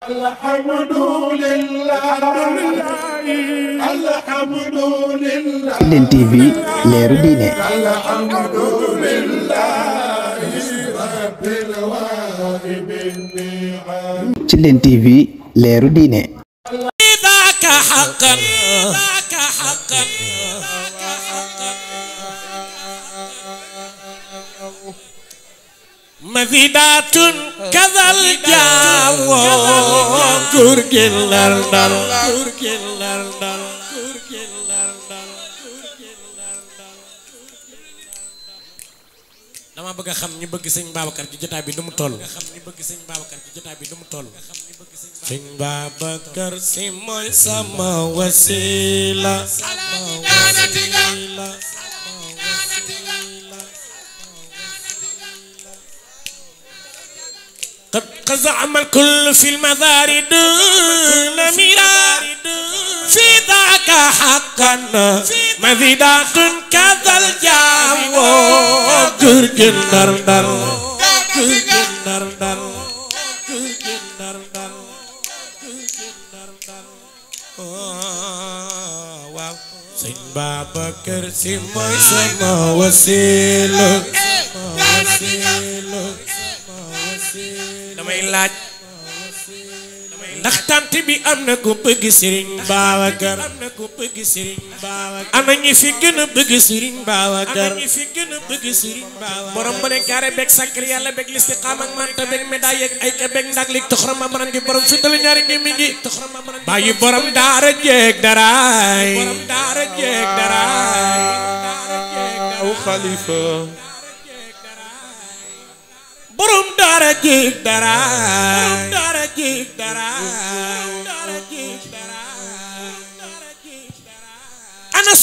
الحمد لله الحمد لله لين تي في ليرو دينه الحمد لله رب العالمين ci لين تي في ليرو دينه ذاك حقا ذاك حقا مزيدات كذا Gurgelerden Gurgelerden Gurgelerden dama bëgg xam ñu bëgg sëñ Babacar ci jotaay bi lu toll xam ñu bëgg sëñ Babacar ci jotaay bi lu toll sëñ Babacar si mooy sama wasila sama wasila قد زعم الكل في المدارد دون في ذاك حقا مذيدات كذا الجاو جرجل دردر جرجل دردر Baba Kersi إيه، Moy Sama Wasilu Wasilu damay ndax tant bi am na ku bëgg sëriñ Babacar am na ku bëgg sëriñ Babacar ana ñi fi gën a bëgg a bëgg sëriñ Babacar borom ba ne gaare beeg sakkir yàlla beeg manta beeg médaille ay ka beeg ndax lig toxoram ma mënan gi borom fital ñaari ngi mi ngi bàyyi borom daara jeeg daraay dara ji dara dara ji dara ana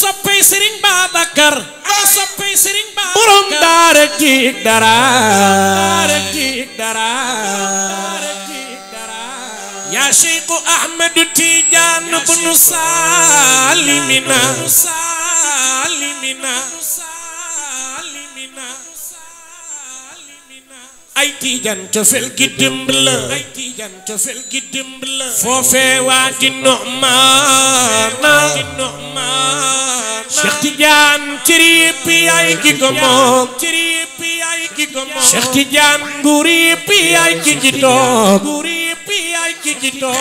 Ahmed Tidiane bunu salimina ay tiijaan cofeel gi dimb la ay tiijaan cofeel gi dimb la foofee waa di ki ko moom Cheikh ki ji toog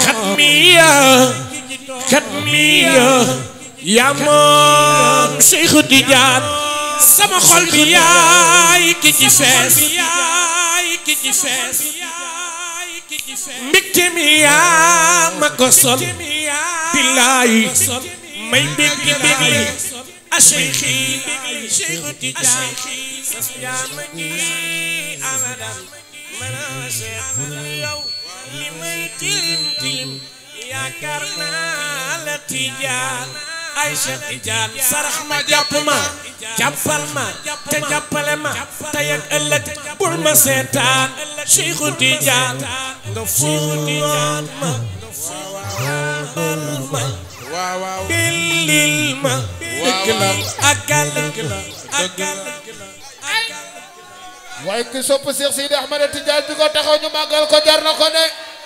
xatmiya xatmiya yaa moom sama xol bi yaay ki ji ki ci fees mbégte yaa ma ko sol billaay may bégg bégli a seyxi seyxu tijaan yaa ma ñi abadan mana seex yow li may tilim tilim yaakaar naa la tijaan Aysa Ijaan sarax ma jàpp ma jàppal ma te jàppale ma tey ak ëllëg bul ma seetaan Seexu Tijaan nga fuumaan ma ma billil ma dëgg la akal akal waaye ki sopp Seex Sidi Ahmed Tijaan bi ko taxaw ñu màggal ko jar na ko ne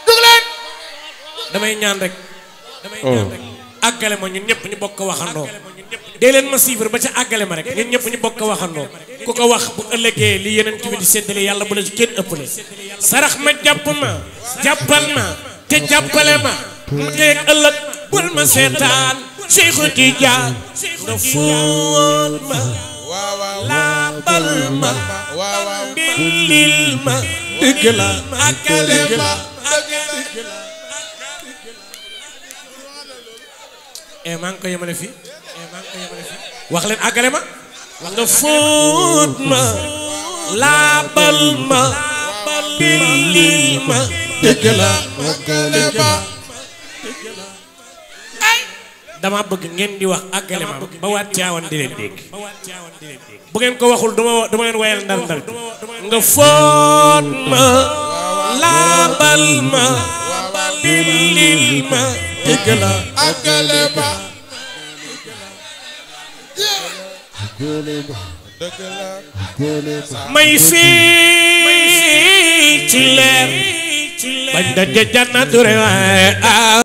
dugg leen damay ñaan rek oh. àggale ma ñun ñëpp ñu bokk ko waxandoo dee leen ma suivre ba ca àggale ma rek ñun ñëpp ñu bokk ko waxandoo ku ko wax bu ëllëgee li yeneen ci bi di séddale yàlla bu la ci kenn ëppale sarax ma jàpp ma jàppal ma te jàppale ma mu tey ëllëg bul ma seetaan Seexu Tijaan nga ma laabal ma billil ma dëgg la àggale ma emang e maa ngi ko yemale fii wax leen àggale ma nga fóot ma laabal ma billil ma dëgg la àggale ma dama bëgg ngeen di wax àggale ma ba waat caawan di leen dégg bu ngeen ko waxul duma duma leen wayal ndar ndar nga fóot ma laabal ma billil ma dëgg la àggale ma may si ci leer bañ daje jannatu rewaay ah.